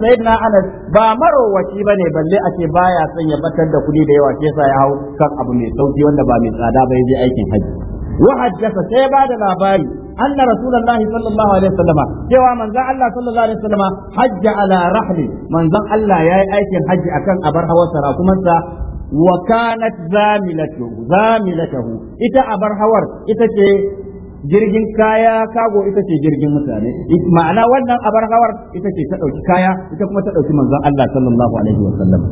sayyidina anas ba ne, bane balle a ce baya son ya batar da kuɗi da yawa sa ya hau kan abu mai sauki wanda ba mai tsada ba yaje aikin haji wa haddasa sai ba da labari anna rasulullahi sallallahu alaihi wasallama cewa manzon Allah sallallahu alaihi wasallama hajja ala rahli manzon Allah yayi aikin haji akan abar sa, sarakumansa wa kanat zamilatu zamilatahu ita abar hawar ita ce jirgin kaya kago ita ce jirgin mutane ma'ana wannan abar hawar ita ce ta dauki kaya ita kuma ta dauki manzon Allah sallallahu alaihi wa sallam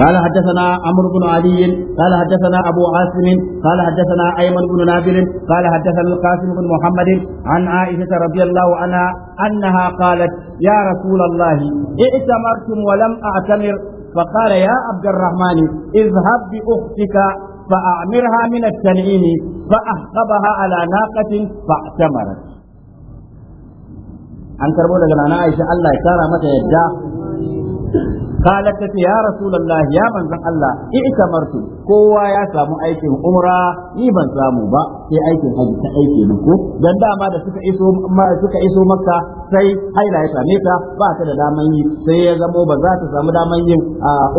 قال حدثنا عمرو بن علي قال حدثنا ابو عاصم قال حدثنا ايمن بن نابل قال حدثنا القاسم بن محمد عن عائشه رضي الله عنها انها قالت يا رسول الله ائتمرتم ولم اعتمر فقال يا عبد الرحمن اذهب باختك فأعمرها من التنعيم فأحقبها على ناقة فاعتمرت an karbo daga nana Aisha Allah ya kara mata yadda qalat ta ya rasulullah ya manzon Allah i'tamartu kowa ya samu aikin umra ni ban samu ba sai aikin haji ta aike ni ko dan dama da suka iso suka iso makka sai haila ya same ta ba ta da daman yi sai ya zamo ba za ta samu daman yin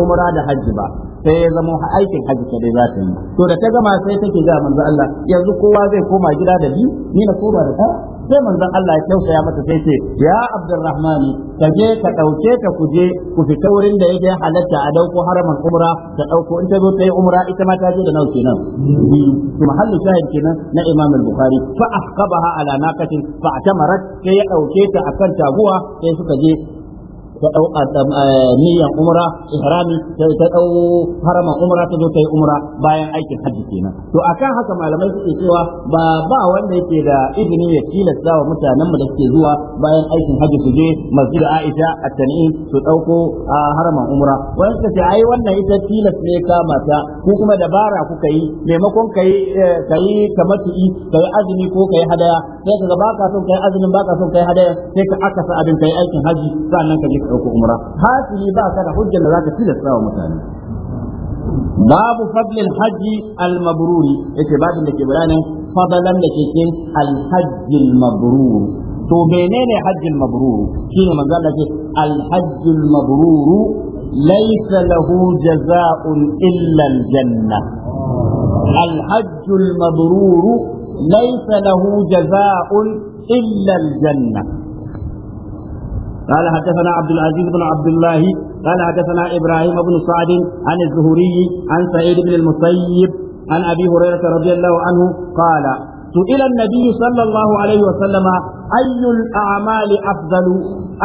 umra da haji ba sai ya zama aikin hajji ta dai za ta yi to da ta gama sai take ga manzo Allah yanzu kowa zai koma gida da bi ni na koma da ta sai manzon Allah ya tausaya mata sai ce ya Abdurrahman ka je ka dauke ta ku je ku fita wurin da yake halatta a dauko haraman umra ta dauko in ta zo ta yi umra ita ma ta je da nauki nan to mahallu shahid kenan na Imam al-Bukhari fa asqabaha ala naqatin fa atamarat sai ya dauke ta akan taguwa sai suka je ta dau niyan umra ihrami ta dau haraman umra ta zo ta yi umra bayan aikin hajji kenan to akan haka malamai suke cewa ba ba wanda yake da izini ya tilasta wa mutanen mu da suke zuwa bayan aikin hajji su je masjid Aisha at-Tan'im su dauko haraman umra wani suka ce ai wannan ita tilas ne kama ko kuma dabara kuka yi maimakon kai kai ka eh, kai azumi ko kai hadaya sai ka ba ka son kai azumin ka son kai hadaya sai ka akasa abin kai aikin hajji sannan ka je ɗauko umra hasili ba ka da hujjar da zaka tilasta wa mutane babu fadlil hajji al-mabruri yace babin da ke bayanin fadalan da ke cikin al-hajji al-mabrur to menene hajji al-mabrur shine manzo Allah ce al-hajji al-mabrur laysa lahu jaza'un illa al-janna الحج المبرور ليس له جزاء إلا الجنة قال حدثنا عبد العزيز بن عبد الله قال حدثنا ابراهيم بن سعد عن الزهري عن سعيد بن المسيب عن ابي هريره رضي الله عنه قال سئل النبي صلى الله عليه وسلم أي الأعمال أفضل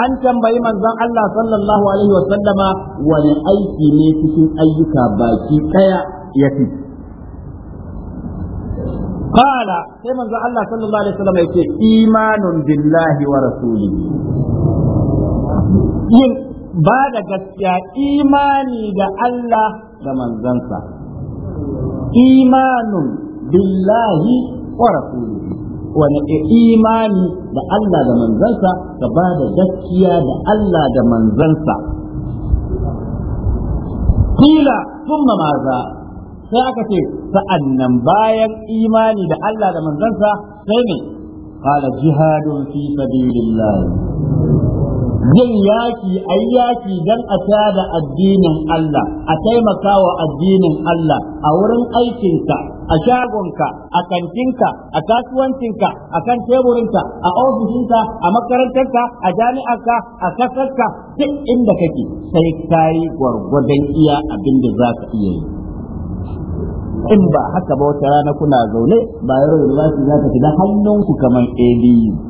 أن تنبئي من ذا الله صلى الله عليه وسلم ولأيك نيتك أيك باكي كيا يتي قال كما ذا الله صلى الله عليه وسلم يتي إيمان بالله ورسوله yin ba da gaskiya imani da Allah da manzansa imanun billahi wa rasulihi wani e imani da Allah da manzansa ka ba da gaskiya da Allah da manzansa kila kuma maza sai aka ce sa'annan bayan imani da Allah da manzansa sai ne qala jihadun fi sabilillah yin yaki yi yaki don a tada addinin Allah a taimaka wa addinin Allah a wurin aikinka a shagonka a kantinka a kasuwancinka a kan teburinka a ofishinka a makarantarka a jami'arka a kasarka duk inda kake sai kayi gwargwadon iya abin da za ka iya yi in ba haka ba wata rana kuna zaune ba yaro da za ta hannunku kamar ABU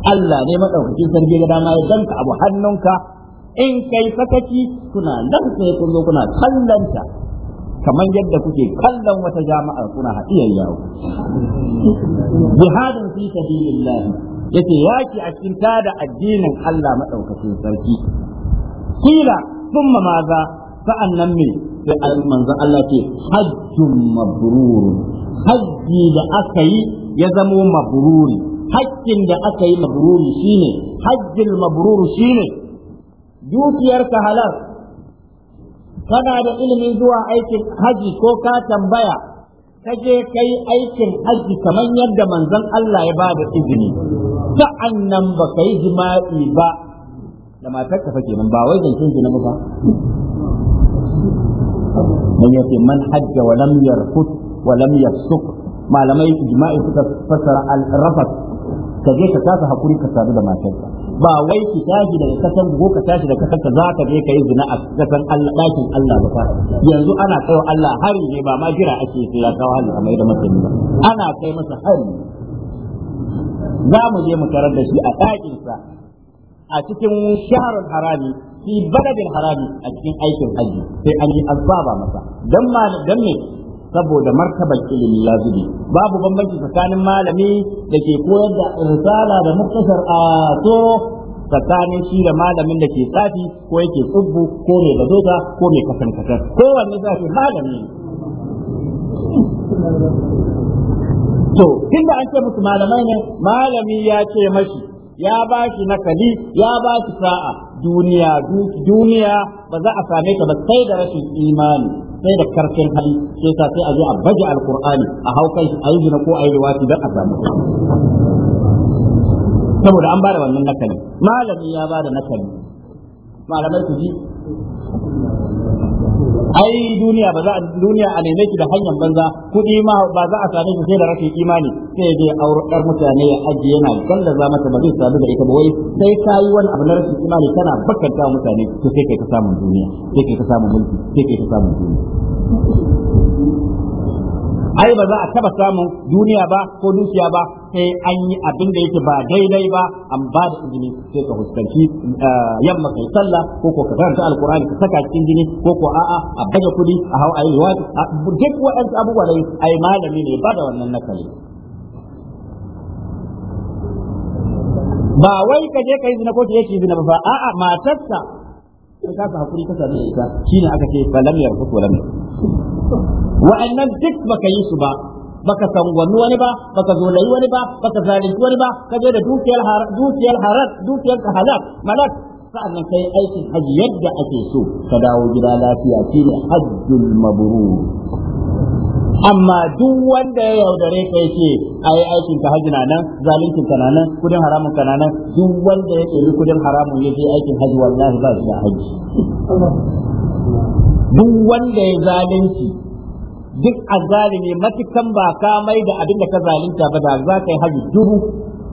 Allah ne madaukakin sarki ga dama ya danka abu hannunka in kai sakaci kuna nan sai kun zo kuna kallanta kamar yadda kuke kallon wata jama'a kuna hadiyar yawo jihadin fi sabilillah yace yaki a cikin tada addinin Allah madaukakin sarki kila thumma maza sa'annan me sai manzon Allah ce hajjun mabrur hajji da aka yi ya zamo mabruri haƙƙin da aka yi mabruri shine hajjil mabruri shine dukiyarka halal kana da ilimi zuwa aikin haji ko ka tambaya ka je ka aikin haji kamar yadda manzon Allah ya ba da izini sa'an nan ba ka yi jima'i ba da matar ka nan, ba wai zancen jina ba dan yake man hajja wa lam yarfut wa lam yasuk malamai jima'i suka fassara al-rafat ka je ka saka hakuri ka sadu da matarka ba wai ki tashi daga kasan ko ka tashi daga kasan za ka je ka zina a kasan Allah dakin Allah ba fa yanzu ana kaiwa Allah hari ne ba ma jira ake sai ya kawo hari mai da mutum ba ana kai masa hari za mu je mu tarar da shi a dakin sa a cikin shaharul harami fi baladin harami a cikin aikin haji sai an yi azaba masa dan ma dan ne saboda martabar ilimi ya zube babu bambanci tsakanin malami da ke koyar da risala da muktasar a so tsakanin shi da malamin da ke tsafi ko yake tsubbu ko mai bazoka ko mai kasan kasar kowanne za su malami to da an ce musu malamai ne malami ya ce mashi ya ba shi nakali ya ba shi sa'a duniya duniya ba za a same ka ba sai da rashin imani sai da karfin hali sai sa sai a zo a baje alqur'ani a haukai a yi zina ko a yi riwati don a samu saboda an ba da wannan nakali malami ya ba da nakali malamai su ji ai duniya ba za a duniya a neme ki da hanyar banza kuɗi ma ba za a same shi sai da rashin imani sai dai aurar mutane ya aji yana za mata ba zai sadu da ita ba wai sai kai wani abu na rashin imani kana bakkanta mutane to sai kai ka samu duniya sai kai ka samu mulki sai kai ka samu duniya ai ba za a taba samu duniya ba ko dukiya ba sai an yi abin da yake ba daidai ba an ba da izini sai ka fuskanci eh, yamma kai sallah ko ko ka karanta alqur'ani ka saka cikin jini ko ko a'a a baje kudi a hau ayi liwati duk waɗansu abubuwa da ai malami ne ba da wannan nakali ba wai ka je kai zina ko ki yake zina ba fa a'a matarsa ka kasa hakuri ka sami ita shine aka ce falam yarfut Wa wa'annan duk baka yi su ba baka sangwami wani ba baka zolayi wani ba baka zalunci wani ba ka je da dukiyar dukiyar harat dukiyar ka halal malak sa'annan kai aikin haji yadda ake so ka dawo gida lafiya shine hajjul mabrur amma duk wanda ya yaudare ka yake ai aikin ka haji na nan zalincin ka na nan kudin haramun ka na nan duk wanda ya ɗebi kudin haramun ya je aikin haji wallahi ba shi da haji duk wanda ya zalunci duk azalimi matukan ba ka mai da abin da ka zalunta ba da za ka yi haji dubu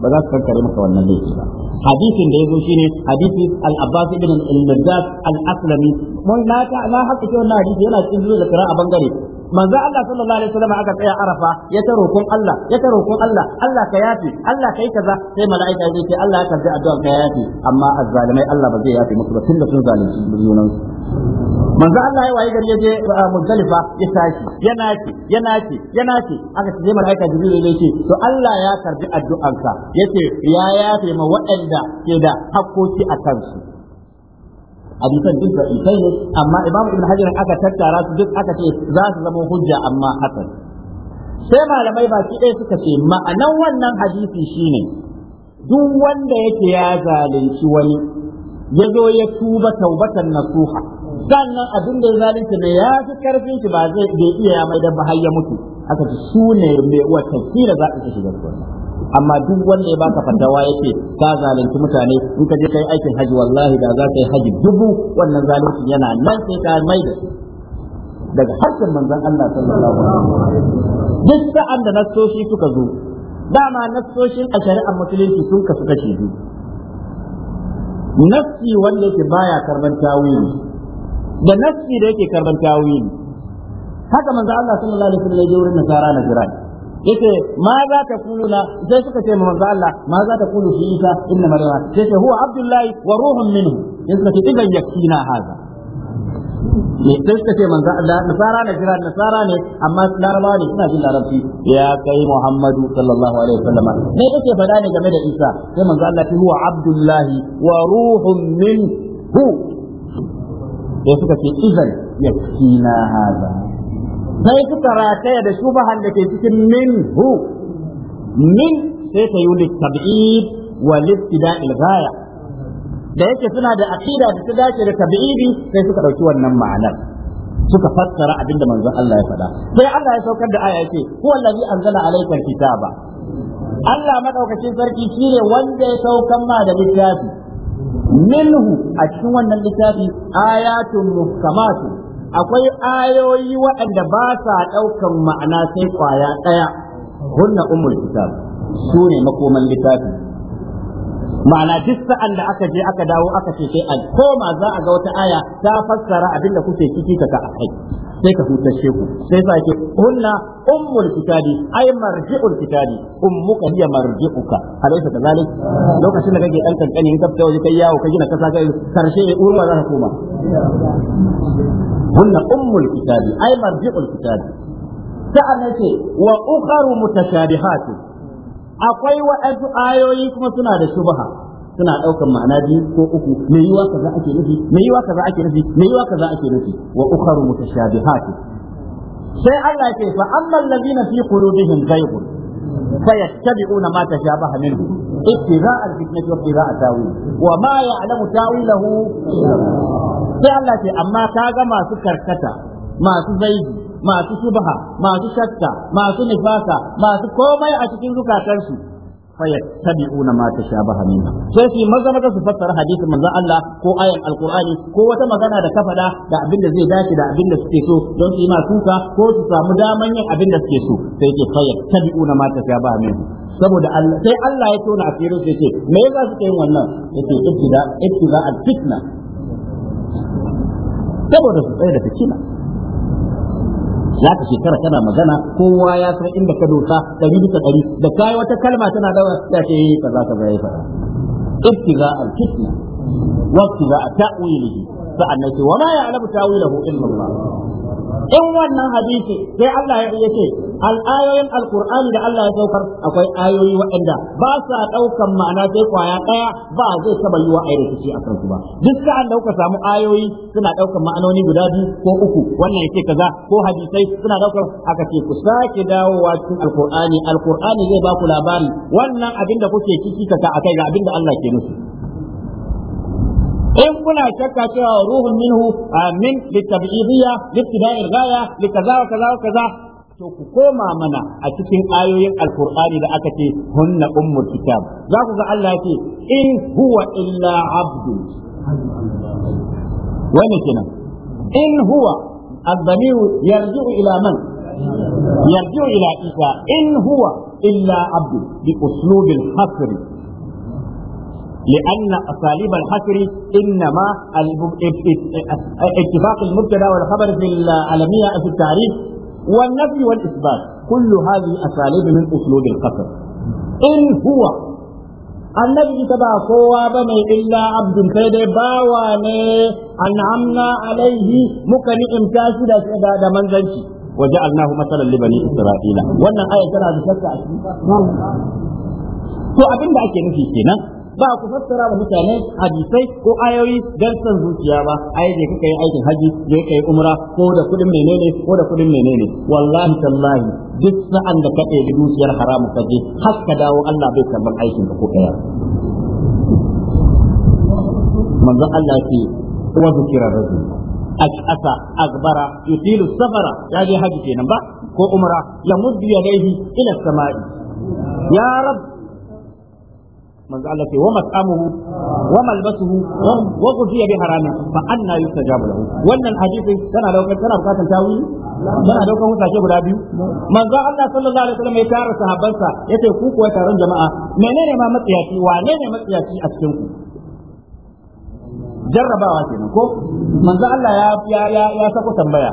ba za su kankare maka wannan laifi ba hadisin da ya zo shine hadisi al-abbas ibn al-nadas al-aslami mun la ta la haka ce wannan hadisi yana cikin zuwa da a bangare manzo Allah sallallahu alaihi wasallam aka tsaya arafa ya ta roƙon Allah ya ta roƙon Allah Allah ka yafi Allah kai kaza sai mala'ika zai ce Allah ya karbi addu'a ka yafi amma azzalimai Allah ba zai yafi musu ba tunda sun zalunci junan manzo Allah ya waye gari je Muzdalifa ya tashi yana ce yana ce yana ce aka ce malaika Jibril ya ce to Allah ya karbi addu'ansa yace ya yafe ma waɗanda ke da hakkoki a kansu hadisan duk da isai ne amma Imam Ibn Hajar aka tattara su duk aka ce za su zama hujja amma hasan sai malamai baki ɗaya suka ce ma'anan wannan hadisi shine duk wanda yake ya zalunci wani ya zo ya tuba taubatan nasuha sannan abin da ya zalunci mai ya fi karfin shi ba zai bai iya ya mai da ba har ya mutu aka ce su ne mai wata kila za ka shiga amma duk wanda ya baka fatawa yake ka zalunci mutane in ka je kai aikin haji wallahi da za ka yi haji dubu wannan zalunci yana nan sai ka mai da daga harshen manzon Allah sallallahu alaihi wasallam duk sa'an da nasoshi suka zo dama nasoshin a shari'ar musulunci sun kasu kashi biyu nassi wanda yake baya karban tawili da nafsi da yake karban tawili haka manzo Allah sallallahu alaihi wasallam ya je wurin nasara na jira yace ma za ta kuluna sai suka ce manzo Allah ma za ta kulu fi Isa inna marwa yace huwa Abdullahi wa ruhun minhu yace suka ce idan yakina haza ne sai suka ce manzo Allah nasara na jira nasara ne amma larabawa ne suna jin larabci ya kai Muhammadu sallallahu alaihi wasallam ne kake fada ne game da Isa sai manzo Allah ce huwa Abdullahi wa ruhun minhu sai suka ce izan ya na haza sai suka rataya da shubahan da ke cikin min hu min sai ta yi littabi'id wa littida ilgaya da yake suna da aqida da ta dace da tabi'idi sai suka ɗauki wannan ma'anar suka fassara abinda manzon Allah ya faɗa sai Allah ya saukar da aya yake huwa allazi anzala alayka kitaba. Allah madaukakin sarki shine wanda ya saukar ma da littafi minhu a cikin wannan littafi ayatun muhkamatu akwai ayoyi waɗanda ba sa ɗaukan ma'ana sai kwaya ɗaya hunna ummul kitab su makoman littafi ma'ana duk sa'an da aka je aka dawo aka ce sai an koma za a ga wata aya ta fassara abin da kuke ciki ka ka akai sai ka hutashe sheku sai sa ke hunna ummul kitabi ay marji'ul kitabi ummuka hiya marji'uka alaysa kadhalik lokacin da kake dan kankani in ka fita waje kai yawo ka gina kasa kai karshe urwa za ka koma hunna ummul kitabi ay marji'ul kitabi sa'an ce wa ukharu mutashabihatu akwai wa'azu ayoyi kuma suna da shubha suna daukan ma'ana biyu ko uku me yiwa kaza ake nufi me yiwa kaza ake nufi me yiwa kaza ake nufi wa ukharu mutashabihat sai Allah yake fa amma allazina fi qulubihim zaygun fayattabi'una ma tashabaha minhu ittiba'a al-fitnati wa ittiba'a tawil wa ma ya'lamu tawilahu sai Allah ce amma kaga masu karkata masu zaidi masu subha masu shakka masu nifaka masu komai a cikin zukatansu una ma tashabaha minha sai su maza maza su fassara hadisin manzon Allah ko ayan alqur'ani ko wata magana da kafada da abin da zai dace da abin da suke so don su yi ma kuka ko su samu daman yin abin da suke so sai ce una ma tashabaha minha saboda Allah sai Allah ya tona asirin sai ce me yasa suke yin wannan yace ibtida ibtida al-fitna saboda su tsaya da fitina za ka shekara kana magana kowa ya san inda ka dosa ɗari bisa ɗari da kayi wata kalma tana dawa ta ce yi eh, kaza kaza ya a ibtiza al-fitna wa ibtiza ta'wilihi sa'annan ce wa ma ya'lamu ta'wilahu illa Allah in wannan hadisi sai Allah ya ce al'ayoyin alkur'ani da Allah ya saukar akwai ayoyi waɗanda ba sa ɗaukan ma'ana sai kwaya ɗaya ba zai taɓa yiwa a rikici a kansu ba duk sa'an da kuka samu ayoyi suna ɗaukan ma'anoni guda biyu ko uku wannan yake kaza ko hadisai suna ɗaukar aka ce ku sake dawowa cikin alkur'ani alkur'ani zai ba ku labari wannan abin da kuke ciki kaka akai ga abin da Allah ke nufi in kuna shakka cewa ruhun minhu min litabidiyya litidai ghaya likaza wa kaza wa kaza to ku koma mana a cikin ayoyin alkur'ani da aka ce hunna ummul kitab za ku ga Allah ya ce in huwa illa abdu wani kenan in huwa الضمير يرجع إلى من؟ يرجع إلى عيسى إن هو إلا عبد بأسلوب الحصر لأن أساليب الحصر إنما اتفاق المبتدا والخبر في العالمية في التعريف والنفي والإثبات كل هذه أساليب من أسلوب القصر إن هو النبي تبع قوة بني إلا عبد سيد باواني أنعمنا عليه مكن إمتاز إلى من ذنشي وجعلناه مثلا لبني إسرائيل وأن آية ترى بشكل to abin da ake nufi kenan ba ku fassara wa mutane hadisai ko ayoyi dan san zuciya ba ai je yin aikin haji je kai umra ko da kudin menene ko da kudin menene wallahi tallahi duk sa'an da kake da dukiyar haramu ka je har ka dawo Allah bai karɓar aikin ka ko kaya manzo Allah ce wa zikira rabbi akasa akbara yutilu safara ya je haji kenan ba ko umra ya muddu yadayhi ila samai ya rabbi manzo Allah ce wa mat'amuhu wa malbasuhu wa qudiya bi haramin fa anna yustajabu lahu wannan hadisi tana daukar tana bukatar tawili tana daukar husace guda biyu manzo Allah sallallahu alaihi wasallam ya tara sahabbansa yace ku kuwa taron jama'a menene ma matsiyaci wane ne matsiyaci a cikin ku jarrabawa ce ko manzo Allah ya ya ya sako tambaya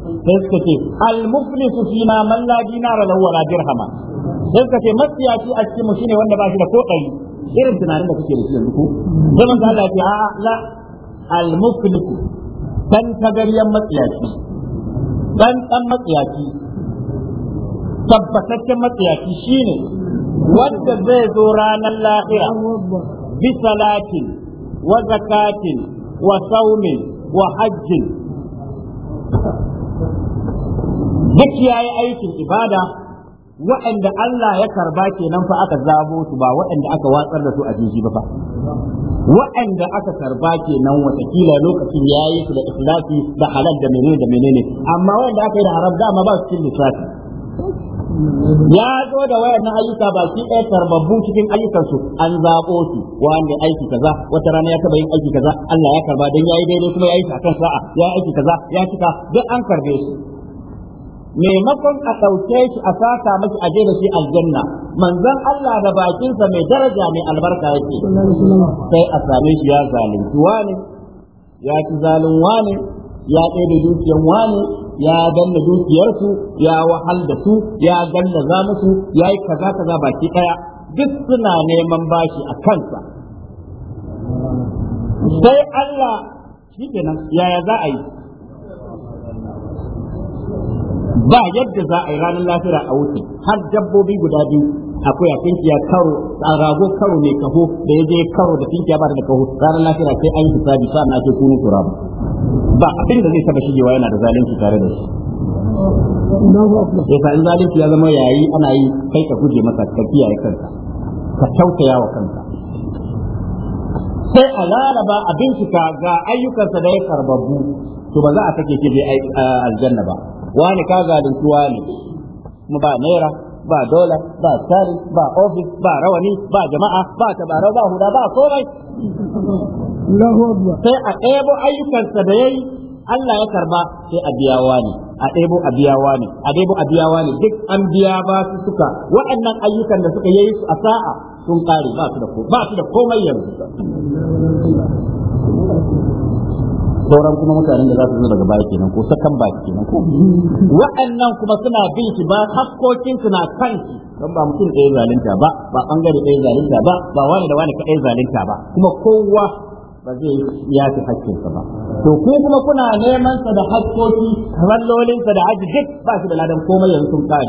sai suka ce al-muflisu fina man la dinara lahu wala dirhama sai ka ce masiyaci a cikin mu shine wanda ba shi da ko irin tunanin da kuke da shi yanzu ku zaman da Allah ya a la al mufliku dan tagariyan matsiyaci dan dan matsiyaci tabbataccen matsiyaci shine wanda zai zo ranar lahira bi salatin wa zakatin wa saumin wa hajjin duk yayi aikin ibada waɗanda Allah ya karba kenan fa aka zabo su ba waɗanda aka watsar da su a jiji ba fa waɗanda aka karba kenan watakila lokacin ya yi su da ikhlasi da halal da menene da menene amma waɗanda aka yi da haram dama ba su cikin lissafi ya zo da wayar na ayyuka baki ɗaya tarbabbu cikin ayyukansu an zaɓo su wanda aiki kaza wata rana ya taɓa yin aiki kaza Allah ya karba ya yayi daidai kuma yayi sa kan sa'a ya aiki kaza ya cika duk an karbe su maimakon a ɗauke shi a sata mashi a da shi aljanna manzon Allah da bakinsa mai daraja mai albarka yake sai a same shi ya zalunci wani ya ci zalun wani ya ɗaya dukiyan wani ya danna dukiyarsu ya wahal da su ya ganna za musu ya yi kaza kaza baki ɗaya duk suna neman bashi a kansa sai Allah shi kenan yaya za a yi ba yadda za a yi ranar lafira a wuce har dabbobi guda biyu akwai a tinkiya karo a rago karo mai kaho da ya je karo da tinkiya ba da kaho ranar lafira sai an yi hisabi sa na ce kunu tura ba abin da zai taba shigewa yana da zalunci tare da shi sai in zalunci ya zama yayi ana yi kai ka guje masa ka kiyaye kanka ka tausaya wa kanka sai a laraba a bincika ga ayyukansa da ya karbabu to ba za a take ke bai aljanna ba wani ka zalunci wani kuma ba naira ba dola ba tsari ba ofis ba rawani ba jama'a ba tabarau ba huda ba komai sai a ɗebo ayyukansa da yayi Allah ya karba sai a biya wani a ɗebo a biya wani a ɗebo a biya wani duk an biya ba su suka waɗannan ayyukan da suka yi su a sa'a sun kare ba su da komai yanzu sauran kuma mutanen da za su zo daga baya kenan ko sakan baki kenan ko wa'annan kuma suna bin shi ba hakkokin suna kan shi don ba mutum ɗaya zalunta ba ba bangare ɗaya zalunta ba ba wani da wani kaɗai zalunta ba kuma kowa ba zai ya fi hakkinsa ba to ku kuma kuna neman sa da hakkoki rallolinsa da aji duk ba shi da ladan komai yanzu sun kare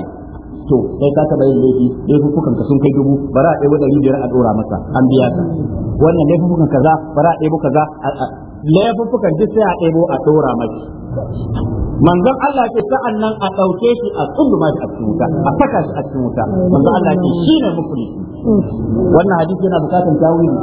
to sai ka taba yin laifi laifukan ka sun kai dubu bara a ɗebo ɗari biyar a ɗora masa an biya ka wannan laifukan kaza bara a ɗebo kaza laifuffukan duk sai a ɗebo a ɗora mai manzon Allah ke sa'an nan a ɗauke shi a tsunduma mai a cikin wuta a saka shi a cikin wuta manzon Allah ke shi ne wannan hadisi yana bukatan tawili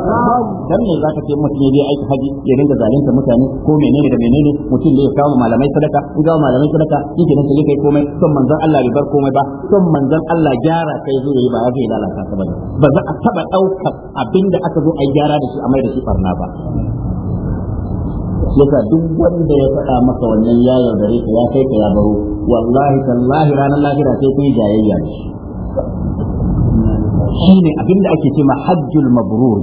dan ne zaka ce mutum ya aiki haji ya dinga zalunta mutane ko menene da menene mutum da ya kawo malamai sadaka in ga malamai sadaka in ke nan sai kai komai son manzon Allah ya bar komai ba son manzon Allah gyara kai zo yi ba ya zai lalata ka ba ba za a taba daukar abinda aka zo a gyara da shi a mai da shi barna ba yasa duk wanda ya faɗa maka wannan ya yaudare ka ya kai ka ya baro wallahi tallahi ranar lahira sai kun jayayya ne shi ne abinda ake ce ma hajjul mabrur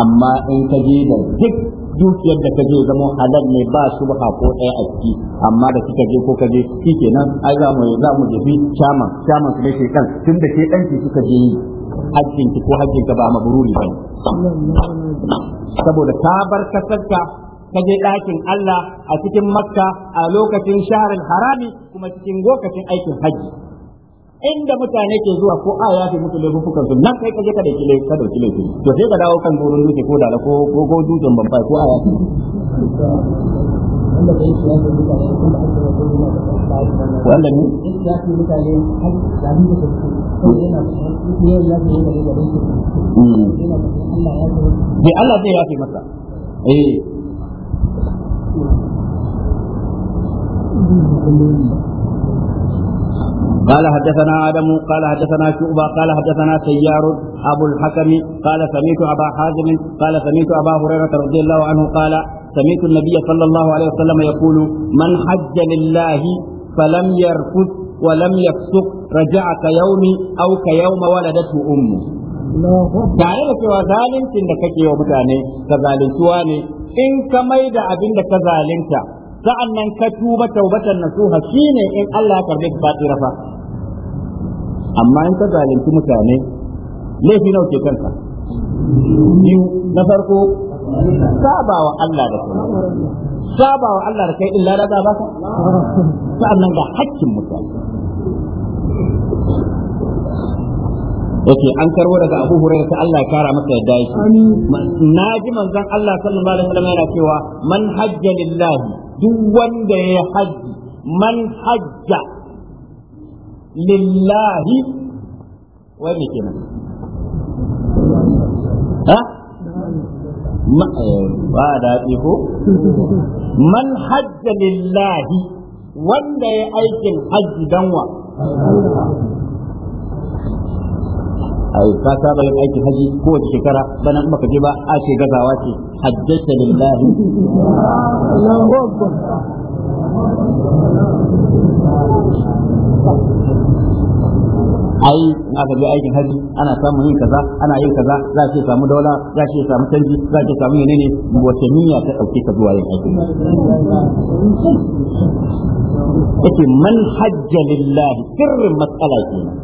amma in ka je da duk dukiyar da ka je zama halal ne ba su ba ko ɗaya a ciki amma da kika je ko ka je shi kenan ai za mu za mu su ne kan tun da ke ɗanki suka je yi hajjin ki ko hajjin ka ba mabruri bane saboda ka bar kasarka ka je ɗakin Allah a cikin Makka a lokacin shaharar harami kuma cikin lokacin aikin hajji inda mutane ke zuwa ko a ya fi mutu laifukan su nan kai ka je ka dauki laifin ka dauki laifin to sai ka dawo kan gurin duke ko da ko ko ko dutsen fai ko a ya wanda ne Allah zai yafe masa eh. قال حدثنا آدم قال حدثنا شعبة قال حدثنا سيار أبو الحكم قال سمعت أبا حازم قال سمعت أبا هريرة رضي الله عنه قال سمعت النبي صلى الله عليه وسلم يقول من حج لله فلم يرفث ولم يفسق raja'aka yaumi aw ka yauma waladatu ummu tare da cewa zaluncin da kake wa mutane ka zaluntuwa ne in ka da abin da ka zalunta sa'annan ka tuba taubatan nasuha shine in Allah ya karbe ka tsira fa amma in ka zalunci mutane laifi nawa ke kanka biyu na farko sabawa Allah da kai sabawa Allah da kai illa da sa sa'annan ga hakkin mutane yake an karbo daga Abu Hurairah ta Allah ya kara masa yadda yake na ji manzon Allah sallallahu alaihi wasallam yana cewa man hajja lillahi duk wanda ya hajji man hajja lillahi wai me kenan ha eh, ba da ko man hajja lillahi wanda ya aikin hajji danwa ka saba yin aikin haji kowace shekara bana in baka je ba a ce gazawa ce hajjata lillahi ai aka je aikin haji ana samun yin kaza ana yin kaza za ki samu dola, za ki samu canji za ki samu menene wace niyya ta dauke ka zuwa yin aikin yake man hajja lillahi sirrin matsala kenan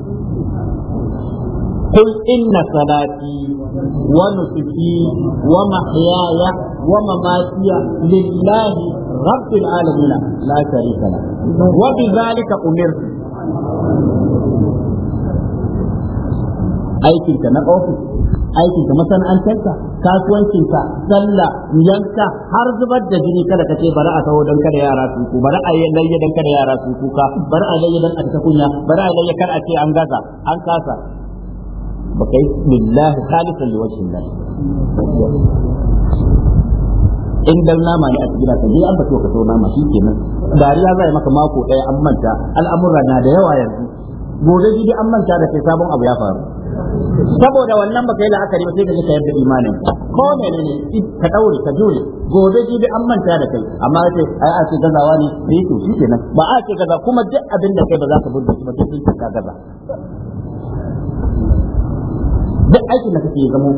قل إن صلاتي ونسكي ومحياي ومماتي لله رب العالمين لا شريك له وبذلك أمرت aikinka na ofis aikinka masana'antarka kasuwancinka sallah yanka har zubar da jini kada ka ce bari a taho don kada yara su ku bari a layya don kada yara su kuka bari a layya don a ta kunya bari a layya kar a ce an gaza Bakai, kai lillahi khalisan liwajhin nas in dan nama ne a cikin ka je an ba ka so nama shi kenan dariya zai maka mako ɗaya an manta al'amura na da yawa yanzu gobe gidi an manta da sai sabon abu ya faru saboda wannan baka yi la'akari ba sai ka ka yadda imanin ko mene ne ka daure ka jure gobe gidi an manta da kai amma sai ai a ce gazawa ne sai to shi kenan ba a ce gaza kuma duk abin da kai ba za ka burge shi ba sai ka gaza duk aikin da kake zamo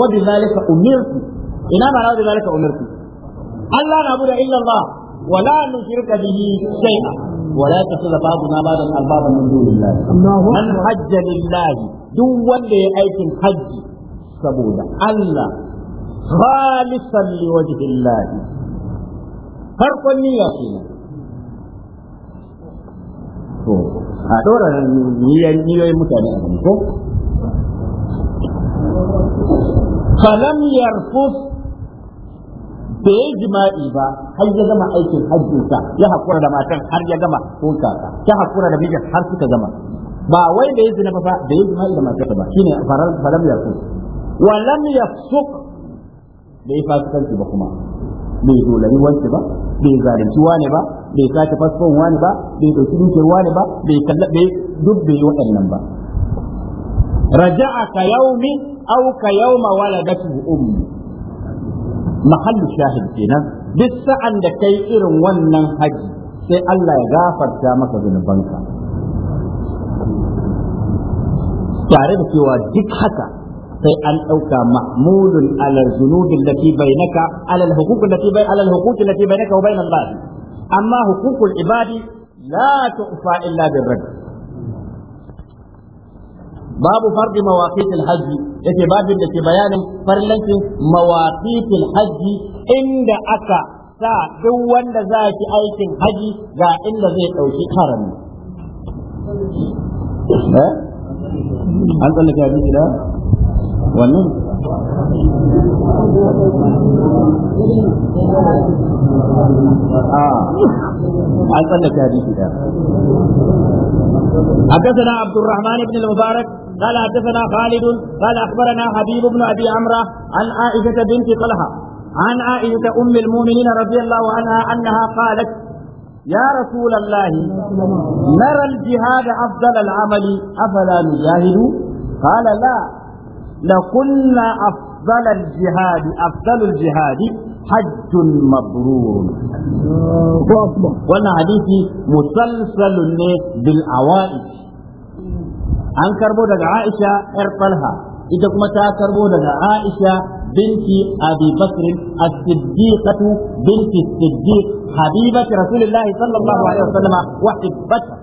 wa bi zalika umirtu ina ma na bi zalika umirtu Allah na buda illa Allah Wala نشرك da شيئا ولا تخذ بعضنا بعضا اربابا من دون الله من حج لله دون wanda ya aikin hajji saboda Allah khalisan liwajhi Allah farkon niyya kenan to a dora niyyar mutane a ko falam yarfus da ya jima'i ba har ya gama aikin hajjinsa ya haƙura da matan har ya gama hunkasa ya haƙura da mijin har suka gama ba wai da ya zina ba da ya jima'i da matarsa ba shine falam Fus. wa lam yafsuq da ya fasikanci ba kuma bai dolari wance ba bai zalunci wane ba bai sace fasfon wani ba bai dauki dukiyar wani ba bai kalla bai duk bai waɗannan ba raja'a ka yaumi aw ka yauma waladatu ummi. mahallu shahid kenan duk sa'an da kai irin wannan haji sai Allah ya gafarta maka zunubanka tare da cewa duk haka sai an ɗauka mahmudun alal zunubin lati bainaka alal hukukun lati bai alal hukukin lati bainaka wa bainal ibadi amma hukukul ibadi la tu'fa illa birrad babu fardi mawaqitil hajji yake babin da ke bayanin farlancin mawaqitil hajji inda aka sa duk wanda aikin haji ga inda zai dauki harami حدثنا عبد الرحمن بن المبارك قال حدثنا خالد قال اخبرنا حبيب بن ابي عمره عن عائشه بنت طلحه عن عائشه ام المؤمنين رضي الله عنها انها قالت يا رسول الله نرى الجهاد افضل العمل افلا نجاهد قال لا لكنا افضل الجهاد افضل الجهاد حج مبرور وانا حديثي مسلسل بالعوائد an karbo daga Aisha yar Talha ita kuma ta karbo daga Aisha binti Abi Bakr as-Siddiqatu binti Siddiq habibati Rasulullah sallallahu alaihi wasallam wa hibbata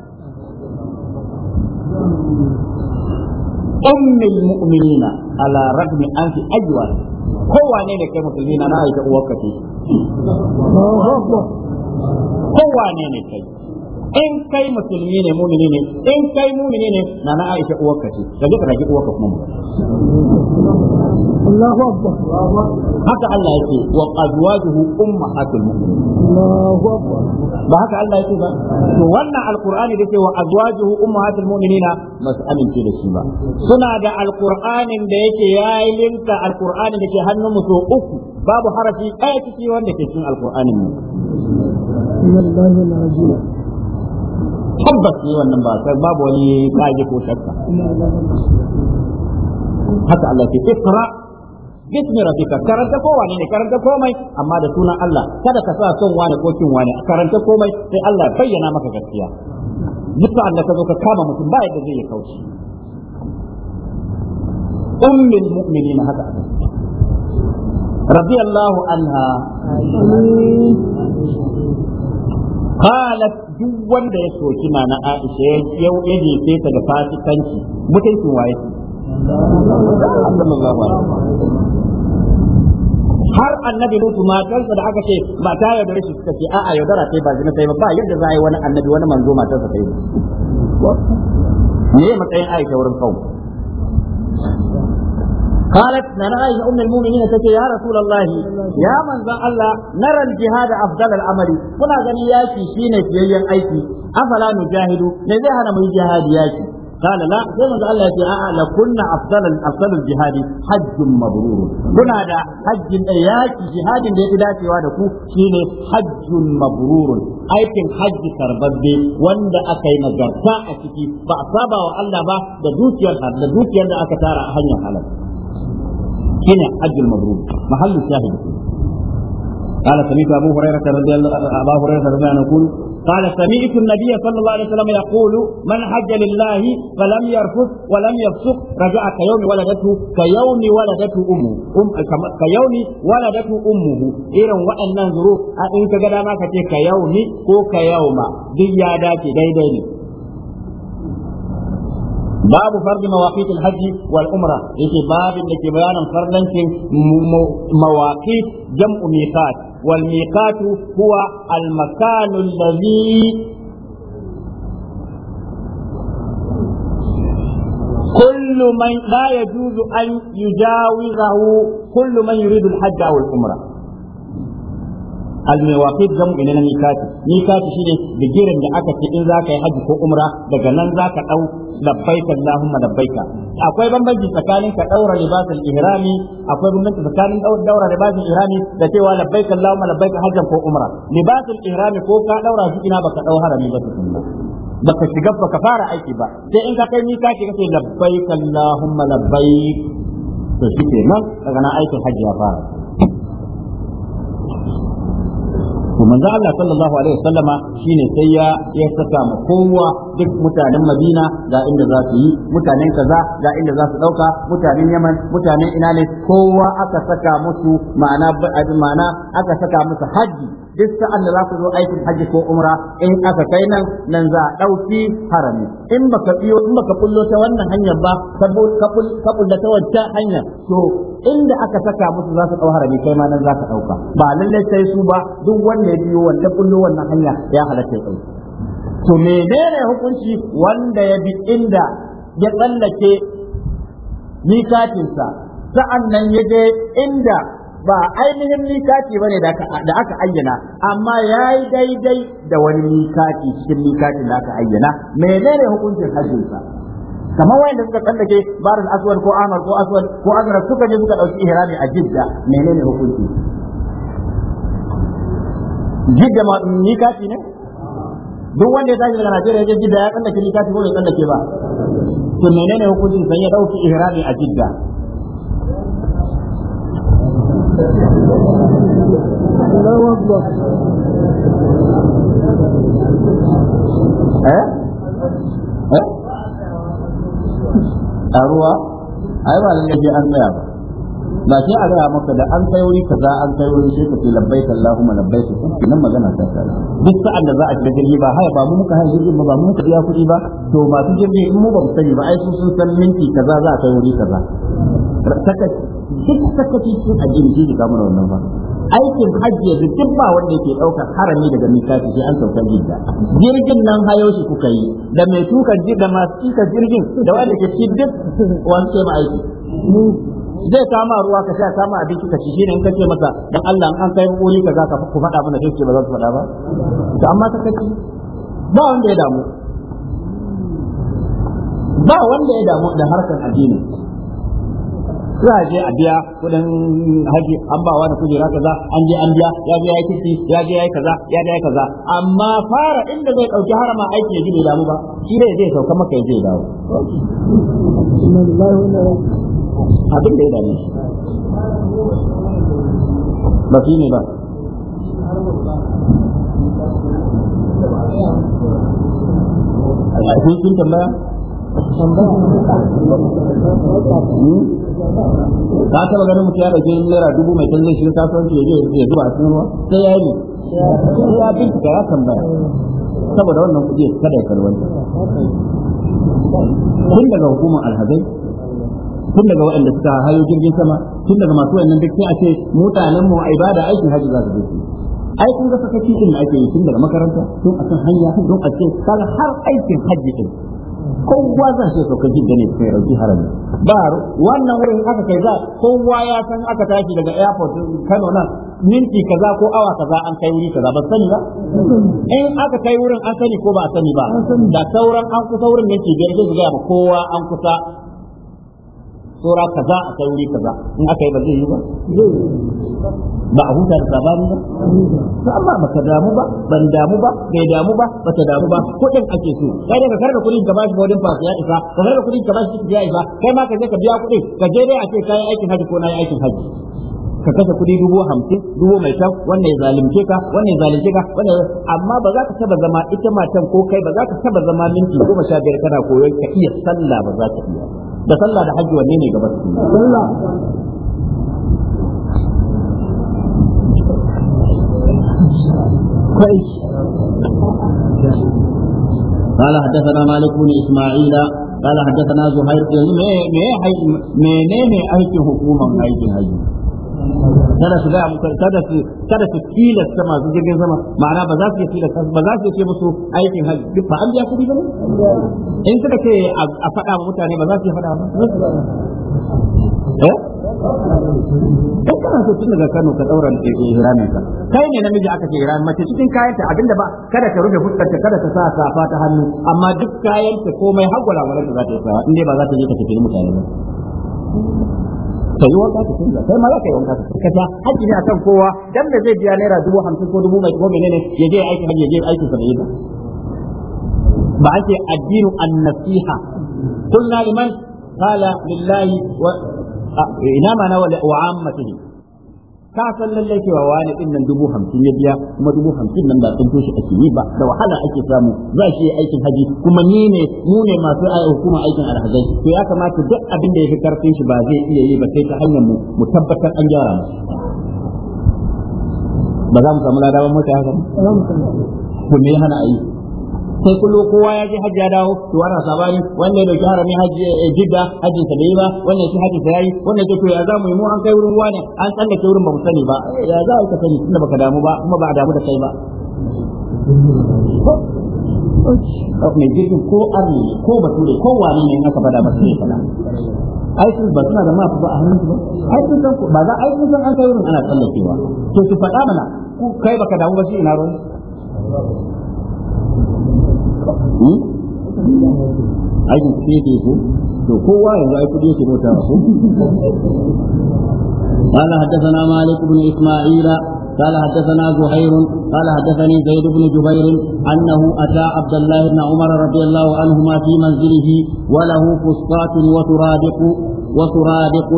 أم المؤمنين على رغم أنف أجوال هو نين كما كلمين أنا أيضا أوقتي هو نين كي in kai musulmi ne mumini ne in kai mumini ne na na Aisha uwarka ce da duka rage uwarka kuma mu Allahu akbar haka Allah yake wa azwajuhu ummahatul mu'minin Allahu akbar ba haka Allah yake ba to wannan alqur'ani da yake wa azwajuhu ummahatul mu'minina masu amince da shi ba suna da alqur'anin da yake yayi linka alqur'anin da ke hannun mu so uku babu harafi ɗaya ciki wanda ke cikin alqur'anin mu tabbas ne wannan ba sai babu wani kage ko shakka haka Allah ke ikra bismi rabbika karanta ko wani ne karanta komai amma da sunan Allah kada ka sa son wani ko kin wani karanta komai sai Allah bayyana maka gaskiya mutan da ka zo ka kama mutum ba yadda zai yi kauce ummul mu'minina haka رضي الله عنها قالت duk wanda ya soki mana Aisha ya yaje sai ta da fasikanci mutuncin waye sallallahu har annabi lutu matarsa da aka ce ba ta yaudare shi suka ce a'a yaudara sai ba zina sai ba yadda za a yi wani annabi wani manzo matarsa sai ne matsayin Aisha wurin kawo قالت لنا عائشة أم المؤمنين تتي يا رسول الله يا من ذا الله نرى الجهاد أفضل العمل كنا غني ياكي شين فيين أيكي أفلا نجاهد لذي هنا من جهاد ياكي قال لا كما قال الله تعالى لكنا أفضل أفضل الجهاد حج مبرور كنا دا حج ياكي جهاد دي إلاتي وادكو شين حج مبرور aikin hajji karbabbe wanda aka yi nagarta a ciki ba a saba wa Allah ba da dukiyar da dukiyar da aka tara a hanyar halal هنا حج المبرور محل الشاهد قال سمعت ابو هريره رضي الله ابا هريره رضي الله عنه يقول قال سمعت النبي صلى الله عليه وسلم يقول من حج لله فلم يرفث ولم يفسق رجع كيوم ولدته كيوم ولدته امه ام كيوم ولدته امه irin waɗannan zuru a in ka ga dama ka ce ka yaumi ko ka yauma duk ya dace daidai ne باب فرض مواقيت الحج والعمرة في باب لك بيانا فرضا مواقيت جمع ميقات والميقات هو المكان الذي كل من لا يجوز أن يجاوزه كل من يريد الحج أو العمرة almewaqit jamu ne na mikati mikati shine bigirin da aka ce in zaka yi haji ko umra daga nan za ka ɗau labbaika allahumma labbaika akwai bambanci tsakanin ka ɗaura libasul ihrami akwai bambanci tsakanin ɗaura libasul ihrami da cewa labbaika allahumma labbaika hajjan ko umra libasul ihrami ko ka ɗaura shi ina baka ɗau harami ba tukunna baka shiga baka fara aiki ba sai in ka kai mikati kace labbaika allahumma labbaik to shi ke nan daga nan aikin hajji ya fara to manzo Allah sallallahu alaihi wasallama shine sai ya ya saka ma kowa duk mutanen Madina ga inda za su yi mutanen kaza ga inda za su dauka mutanen Yaman mutanen ina ne kowa aka saka musu ma'ana ma'ana aka saka musu haji duk sa'an da za ku zo aikin hajji ko umra in aka kai nan nan za a ɗauki harami in baka biyo in baka kullo ta wannan hanyar ba ka kulla ta wancan hanyar to inda aka saka musu za su ɗau harami kai ma nan za ka ɗauka ba lallai sai su ba duk wanda ya biyo wanda kullo wannan hanya ya halatta ya ɗauki to menene hukunci wanda ya bi inda ya tsallake mikatinsa sa'an nan ya je inda ba ainihin mikati bane da aka ayyana amma ya yi daidai da wani mikati cikin mikaki da aka ayyana menene hukuncin hajjin kamar wayanda suka tsallake barin aswad ko amar ko aswad ko azra suka je suka dauki ihrami a jidda menene hukunci jidda ma mikati ne duk wanda ya tashi daga Najeriya ya jidda ya tsallake mikati ko ya tsallake ba to menene hukuncin sai ya dauki ihrami a jidda الله أكبر ها؟ ها؟ أروى أيوة الذي أنت يا أبو ba sai a gaya maka da an kai wuri kaza an kai wuri sai ka ce labbaik Allahumma sun, nan magana ta tsara duk sa'an da za a shiga jirgi ba haya ba mu muka haya jirgin ba mu muka biya kuɗi ba to masu jirgi in mu ba mu sani ba ai sun san minti kaza za a kai wuri kaza duk sakaci cikin addini shi ga mana wannan ba aikin hajji yanzu duk ba wanda yake daukar harami daga mikati sai an sauka jidda jirgin nan hayo shi kuka yi da mai tuka da masu tuka jirgin da wanda ke cin duk wance ma aiki zai kama ruwa ka sha kama abinci ka ci shine in kace masa dan Allah an kai wuri ka ka ku faɗa mana ce ba za su faɗa ba to amma kace ba wanda ya damu ba wanda ya damu da harkar addini za a je a biya kudin haji an bawa da kujera kaza an je an biya ya je yi kici ya je yi kaza ya je yi kaza amma fara inda zai ɗauki harama aiki ya ji damu ba shi dai zai sauka maka ya je ya dawo abin da ya dame shi ba shi ne ba sun tambaya tambaya hmm? ka taba ganin mutum ya dauke naira dubu mai kallon shi ta ya je ya zuba a cikin ruwa sai ya yi sai ya bincika ya tambaya saboda wannan kuɗi kada ya kalwanta tun daga hukumar alhazai tun daga waɗanda suka hayo jirgin sama tun daga masu wannan duk sai a ce mutanen mu a ibada aikin hajji za su je su ai kun ga da ake yi tun daga makaranta tun a kan hanya tun a ce kaga har aikin hajji din kowa zan so ka jin gane kai rauki harami ba wannan wurin aka kai za kowa ya san aka tashi daga airport Kano nan minti kaza ko awa kaza an kai wuri kaza ba sani ba in aka kai wurin an sani ko ba sani ba da sauran an kusa wurin ke biyar zai ga kowa an kusa tsora kaza a wuri kaza in aka yi ba zai yi ba ba a huta da sabani ba Ta amma ka damu ba ban damu ba bai damu ba ba ta damu ba kuɗin ake so kai da ka da kuɗin ka bashi wajen fasu ya isa ka da kuɗin ka bashi ya isa kai ma ka je ka biya kuɗin, ka je dai a ce kayan aikin haji ko na aikin haji ka kasa kuɗi dubu hamsin dubu mai kyau wannan ya zalunce ka wannan ya zalunce ka wannan amma ba za ka taba zama ita matan ko kai ba za ka taba zama minti goma sha biyar kana koyon ka iya sallah ba za ka iya da sallah da hajji wanne ne gaba sallah كويس قال حدثنا مالك بن اسماعيل قال حدثنا زهير منين ايش حكومه ايش هاي kada su gaya muku kada su kada su tilasta masu jirgin sama ma'ana ba za su yi tilasta ba za su yi musu aikin hajji duk ba an biya kuɗi ba ne in suka ce a faɗa wa mutane ba za su yi faɗa ba eh duk kana so tun daga Kano ka daura ihramin ka kai ne namiji aka ce ihramin mace cikin kayanta abinda ba kada ta rufe fuskar ta kada ta sa safa ta hannu amma duk kayanta komai hagwala wala da za ta yi sawa inda ba za ta je ta tafi mutane ba kai wanka ka canza sai ma za ka yi wanka ka ta haji ne akan kowa dan da zai biya naira dubu hamsin ko dubu mai ko menene ya je aiki haji ya je aiki sa da ba ake addinu an-nasiha kullu liman qala lillahi wa ina ma na wa ammatihi ka san lallai cewa wani din nan dubu hamsin ya biya kuma dubu hamsin nan ba sun toshe ake yi ba da wahala ake samu za shi yi aikin haji kuma ni ne mu ne masu hukumar aikin alhazai to ya kamata duk abin da ya fi karfin shi ba zai iya yi ba sai ta hanyar mu mu tabbatar an gyara mu ba za mu samu lada ba mota haka ba to me hana a yi sai kullu kowa ya je hajji ya dawo to ana sabani wannan da jihar ne hajji eh, jidda hajji sa bai ba wannan shi hajji sa yayi wannan ke to ya mu yi mu an kai wurin wani an tsallake wurin ba mu sani ba eh, ya za ka sani tunda baka damu ba kuma ba damu da kai ba mai jirgin ko arni ko bature ko wani ne aka da ba sai fada aikin ba suna da mafi ba a hannun ba aikin san ba za aiki san an kai wurin ana tsallakewa to su faɗa mana kai baka damu ba shi ina ruwan aikin kuɗi yake so to kowa yanzu ai kuɗi yake bauta ko قال حدثنا مالك بن اسماعيل قال حدثنا زهير قال حدثني زيد بن جبير انه اتى عبد الله بن عمر رضي الله عنهما في منزله وله فسطاط وترادق وترادق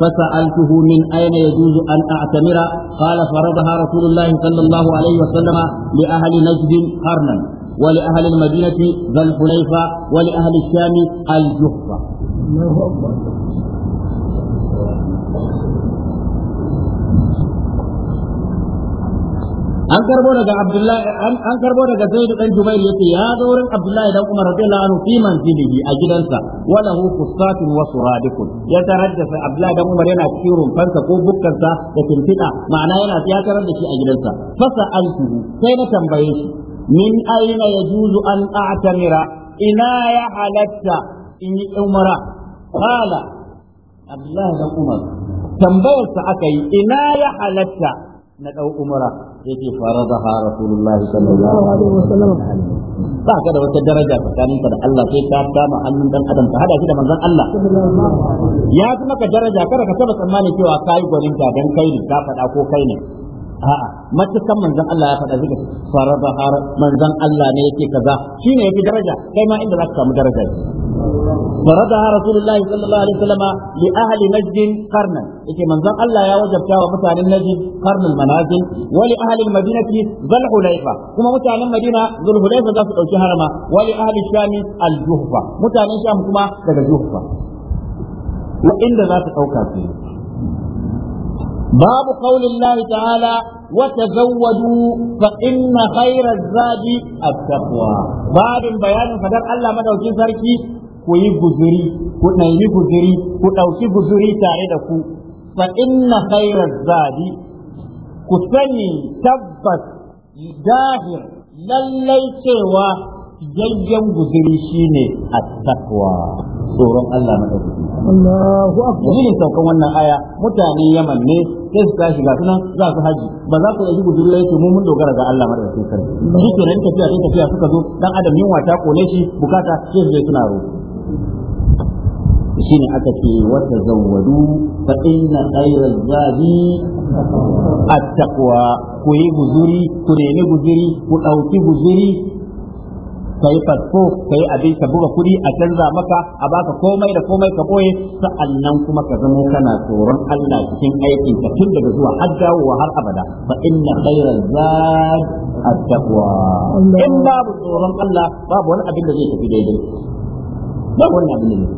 فسألته من أين يجوز أن أعتمر قال فرضها رسول الله صلى الله عليه وسلم لأهل نجد قرنا ولأهل المدينة ذا الحليفة ولأهل الشام الجحفة an karbo daga abdullahi an karbo daga zaid dan jubair yace ya zo wurin abdullahi dan umar radiyallahu anhu fi manzilihi a gidansa wala hu qusatun wa suradikun ya tarar da abdullahi dan umar yana cikin rumfansa ko bukkansa da tinfida ma'ana yana ya tarar da shi a gidansa fasa altuhu sai na tambaye shi min aina yajuzu an a'tamira ina ya halatta in yi umra qala abdullah dan umar tambayar aka yi ina ya halatta na dau umra yake faradaha rasulullah sallallahu alaihi wasallam ba da wata daraja tsakanin ka da Allah sai ka kama hannun dan adam ka hada shi da manzon Allah ya fi ka daraja kada ka taba tsammani cewa kai gwaninta dan kai ne ka faɗa ko kai ne a'a matukan manzon Allah ya faɗa zika faraba har manzon Allah ne yake kaza shine yafi daraja kai ma inda za ka samu daraja فرضها رسول الله صلى الله عليه وسلم لأهل نجد قرنا إذا من ذن الله يا وجب كاو مثلا النجد قرن المنازل ولأهل المدينة ذو الحليفة كما مثلا المدينة ذو الحليفة ذات الشهرمة ولأهل الشام الجهفة مثلا الشام كما ذات الجهفة وإن ذات أوكافي باب قول الله تعالى وتزودوا فإن خير الزاد التقوى باب بيان فدر الله مدوكي سركي كوي بزري كنيمي بزري كنوكي بزري تاردكو فإن خير الزاد كثني تبت داهر للي سواه yayyan guzuri shine at-taqwa tsoron Allah madaukaki Allahu akbar dalilin saukan wannan aya mutane Yaman ne sai su tashi ga sunan za su haji ba za su yi guzuri da yake mu mun dogara ga Allah madaukaki sarki shi kenan tafiya sai tafiya suka zo dan adam yunwa ta kone shi bukata sai su suna roƙo shine aka ce wata zawwadu fa inna khayra zadi at-taqwa ku yi guzuri ku nemi guzuri ku ɗauki guzuri Ka yi kai fasfo kai abin ka buga kuɗi a canza maka a baka komai da komai ka boye sa'annan kuma ka zamo kana tsoron Allah cikin aikin ka tun daga zuwa har dawowa har abada fa inna khairal zad at-taqwa in babu tsoron Allah babu wani abin da zai tafi daidai babu wani abin da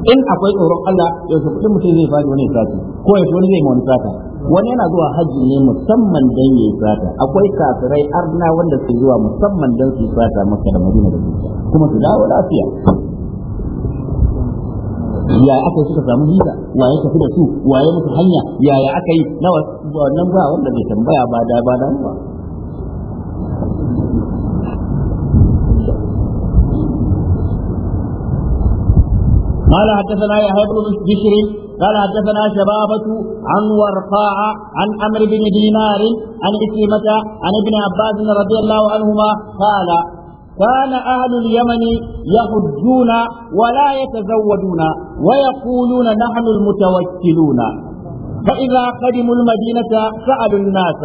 in akwai tsoron Allah yau kuɗin mutum zai faɗi wani sati ko ya wani zai ma wani sata wani yana zuwa hajji ne musamman don yi sata akwai kafirai arna wanda su zuwa musamman don su sata maka da madina da kuma su dawo lafiya ya aka suka samu hita? wa ya tafi da su wa ya musu hanya ya ya aka yi na wannan ba wanda bai tambaya ba da ba da ba قال حدثنا يحيى بن بشر قال حدثنا شبابة عن ورقاء عن عمرو بن دينار عن إسلمة عن ابن عباس رضي الله عنهما قال كان أهل اليمن يحجون ولا يتزودون ويقولون نحن المتوكلون فإذا قدموا المدينة سألوا الناس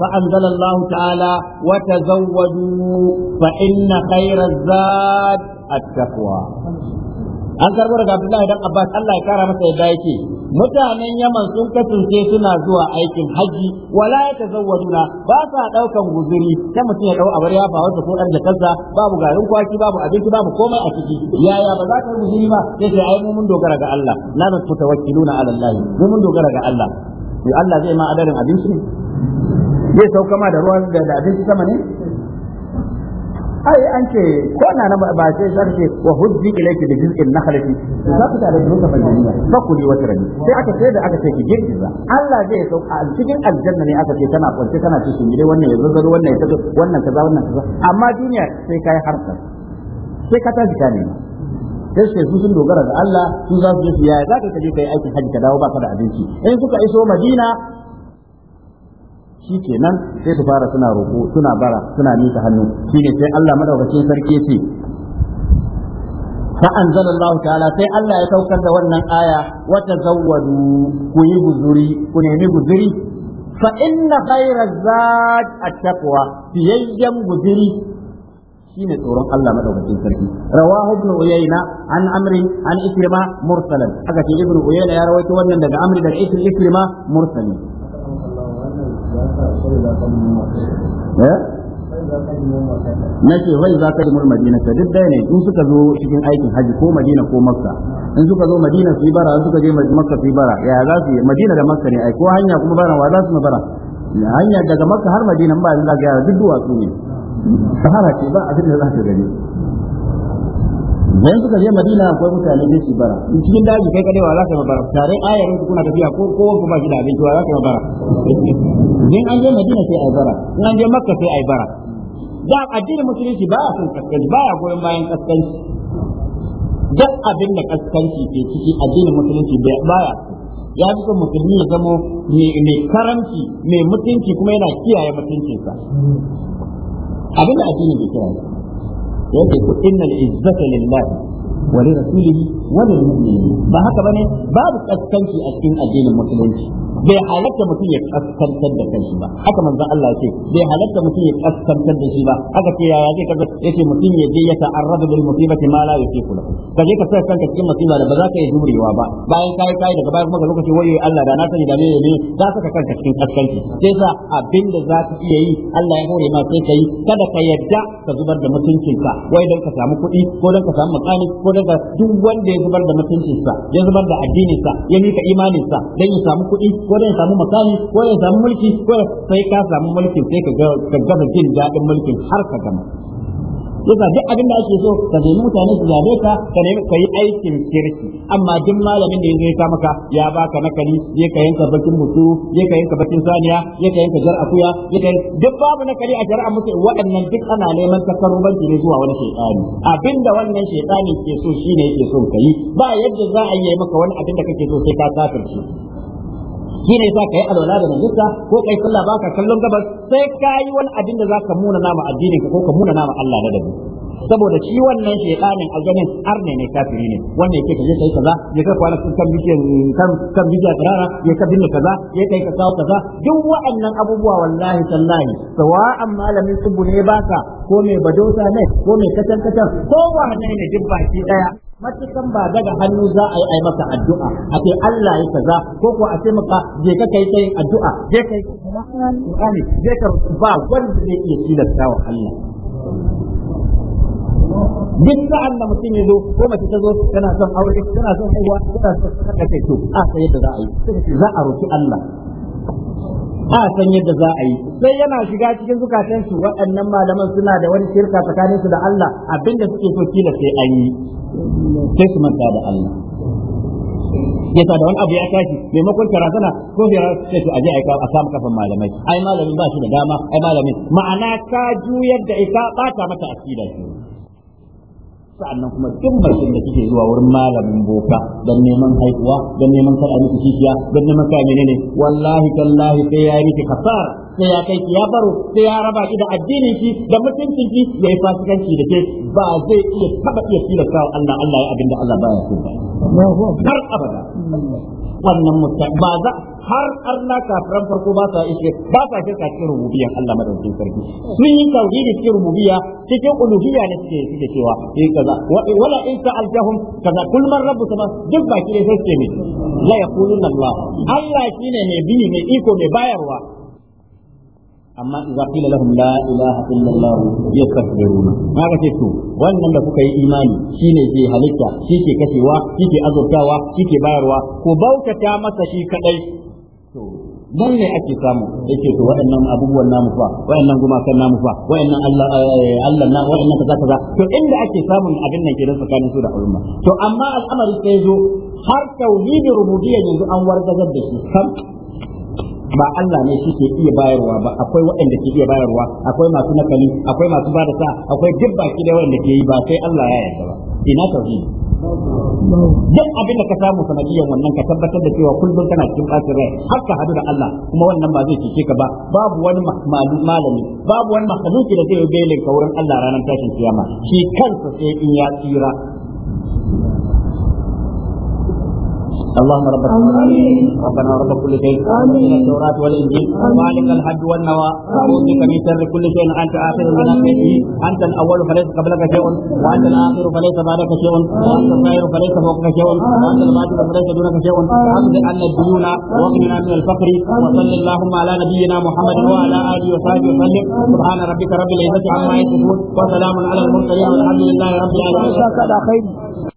فأنزل الله تعالى وتزودوا فإن خير الزاد التقوى an karbo daga Abdullahi dan Abbas Allah ya kara masa yadda yake mutanen Yaman sun kasance suna zuwa aikin haji wala ya na? ba sa daukan guzuri sai mutum ya dau abar ya fa wata ko dan da kansa. babu garin kwaki babu abinci babu komai a ciki yaya ba za ka yi guzuri ba sai sai ai mu mun dogara ga Allah la na tawakkiluna ala Allah mu mun dogara ga Allah to Allah zai ma adarin abinci ne zai sauka ma da ruwan da abinci sama ne ai an ce ko na na ba sai sai ce wa hujji ilayki bi jiz'in nakhlati za ku ta da duka fadiliya fa kuli wa tarabi sai aka ce da aka ce ki girgiza Allah zai so a cikin aljanna ne aka ce kana kwance kana ci shingire wannan ya zazzaro wannan ya tazo wannan kaza wannan kaza amma duniya sai kai harka sai ka tafi ka ne sai sai su sun dogara da Allah su za su je su yaya za ka je kai aikin hajji ka dawo ba ka da abinci in suka iso Madina shi kenan sai su fara suna roƙo suna bara suna miƙa hannu shine sai Allah madaukakin sarki ce fa anzalallahu ta'ala sai Allah ya saukar da wannan aya wata tazawwadu ku yi guzuri ku nemi guzuri fa inna khayra zaj at-taqwa shine tsoron Allah madaukakin sarki rawahu ibn uyayna an amri an ikrima mursalan haka ce ibn uyayna ya rawaito wannan daga amri daga ikrima mursalan Eh? na ce wai za ka dimur madina ta duk ɗaya ne in suka zo cikin aikin haji ko madina ko makka in suka zo madina su yi bara in suka je makka su yi bara ya za su yi madina da makka ne ai ko hanya kuma bara wa za su yi bara hanya daga makka har madina ba za yara duk duwatsu ne sahara ce ba abin da za ka gani dan suka je Madina akwai mutane ne su bara in cikin daji kai kadewa za ka yi bara tare ayar su kuna tafiya ko ko ku ba shi da abinci za ka yi bara in an je Madina sai ai bara in an je Makka sai ai bara da addinin musulunci ba a son kaskanci ba ya goyon bayan kaskanci duk abin da kaskanci ke ciki addinin musulunci ba ya ya fi son musulmi ya zamo mai karamci mai mutunci kuma yana kiyaye mutuncinsa abin da addinin bai kira yake ku innal izzata wa li rasulihi wa lil mu'minin ba haka bane babu kaskanci a cikin addinin musulunci bai halatta mutum ya kaskantar da kanshi ba haka manzo Allah ya ce bai halatta mutum ya kaskantar da shi ba haka ce yaya zai kaga yace mutum ya je ya ta'arrada bil musibati ma la yusifu lahu ka je ka sa kanka cikin musiba da ba za ka yi jurewa ba bayan kai kai daga bayan kuma lokaci waye Allah da na sani da me ne za ka kanka cikin kaskanci sai za iya yi Allah ya hore ma sai kai kada ka yarda ka zubar da mutuncinka wai da ka samu kuɗi ko dan ka samu makani ko daga duk wanda ya zubar da mutuncinsa ya zubar da addininsa ya nika imaninsa don ya samu kuɗi ko don ya samu makami ko ya samu mulki ko sai ka samu mulkin sai ka gaza jin daɗin mulkin har ka gama yasa duk abin da ake so ka zai mutane su zabe ka ka nemi ka yi aikin kirki amma duk malamin da yake maka ya baka nakali ya ka yanka bakin mutu ya ka yanka bakin saniya ya ka yanka jar akuya ya duk babu nakali a jar'a musu waɗannan duk ana neman takarubanci ne zuwa wani shaytani abinda wannan shaytani ke so shine yake so ka yi ba yadda za a yi maka wani abin da kake so sai ka kafirce shi ne sa ka yi alwala da najisa ko kai sallah ba ka kallon gabas sai ka yi wani abin da za ka muna nama addinin ka ko ka muna nama Allah na dabi saboda shi wannan shaytanin aljanin arne ne kafiri ne wannan yake kaje kai kaza ya ka kwana kan bidiyan kan kan karara ya ka binne kaza ya kai ka kawo kaza duk waɗannan abubuwa wallahi sallahi sawa'an malamin tubu ne baka ko mai badosa ne ko mai katan katan ko wanne ne duk baki daya matukan ba daga hannu za a yi maka addu'a a ce Allah ya kaza ko ko a ce maka je ka kai sai addu'a je kai Qur'ani je ka ba wanda zai iya tilasta wa Allah duk sa'an da mutum ya zo ko mace ta zo tana son aure tana son haihuwa tana son haka kai to a sai da za a yi za a roki Allah a san yadda za a yi sai yana shiga cikin zukatansu waɗannan malaman suna da wani shirka tsakanin su da Allah abinda suke so kila sai an yi sai su manta da Allah yasa da wani abu ya tashi maimakon razana ko bai sai to aje aika a samu kafan malamai ai malamin ba shi da dama ai malamin ma'ana ta juyar da ita ba ta mata akida sa'annan kuma duk mashin da kike zuwa wurin malamin boka don neman haihuwa don neman kada miki kishiya don neman kada menene wallahi tallahi sai ya miki kasar sai ya kai ki ya baro sai ya raba ki da addinin ki da mutuncin ki yayi fasikanci da ke ba zai iya taba iya tilasta Allah Allah ya abinda Allah baya so har abada wannan mutta ba za har arna kafiran farko ba sa ishe ba sa shirka cikin rububiyyan Allah madaukakin sarki sun yi tauhidi cikin rububiyya cikin uluhiyya ne suke suke cewa eh kaza eh, wala in sa'altahum kaza kul man rabbu sama duk baki ne sai suke ne la yaquluna Allah Allah shine mai bi mai iko mai bayarwa amma idza qila lahum la ilaha illallah yakfuruna haka ce to wannan da kuka yi imani shine ke halitta shi ke kashewa shi ke azurtawa shi ke bayarwa ko bautata masa shi kadai to nan ne ake samu yake to waɗannan abubuwan namu fa waɗannan gumakan namu fa waɗannan Allah eh, Allah na waɗannan kaza kaza to inda ake samun abin nan kenan tsakanin su da al'umma. to amma al'amari sai zo har tauhidin rububiyya yanzu an wargazar da shi ba Allah ne shi ke iya bayarwa ba akwai waɗanda ke iya bayarwa akwai masu nakali akwai masu bada sa akwai duk baki da waɗanda ke yi ba sai Allah ya yarda ba ina tauhidi duk abin da ka samu sanadiyan wannan ka tabbatar da cewa kullum kana cikin bacin rai har ka hadu da Allah kuma wannan ba zai cece ka ba babu wani malami babu wani makhluki da zai yi belin ka wurin Allah ranar tashin kiyama shi kansa sai in ya tsira اللهم رب العالمين ربنا رب كل شيء من التوراة والإنجيل وعليك الحج والنوى أعوذ بك من شر كل شيء أنت آخر من أمره أنت الأول فليس قبلك شيء وأنت الآخر فليس بعدك شيء وأنت الخير فليس فوقك شيء وأنت الباطل فليس دونك شيء أقضي أن الديون واغننا من الفقر وصل اللهم على نبينا محمد وعلى آله وصحبه وسلم سبحان ربك رب العزة عما يصفون وسلام على المرسلين والحمد لله رب العالمين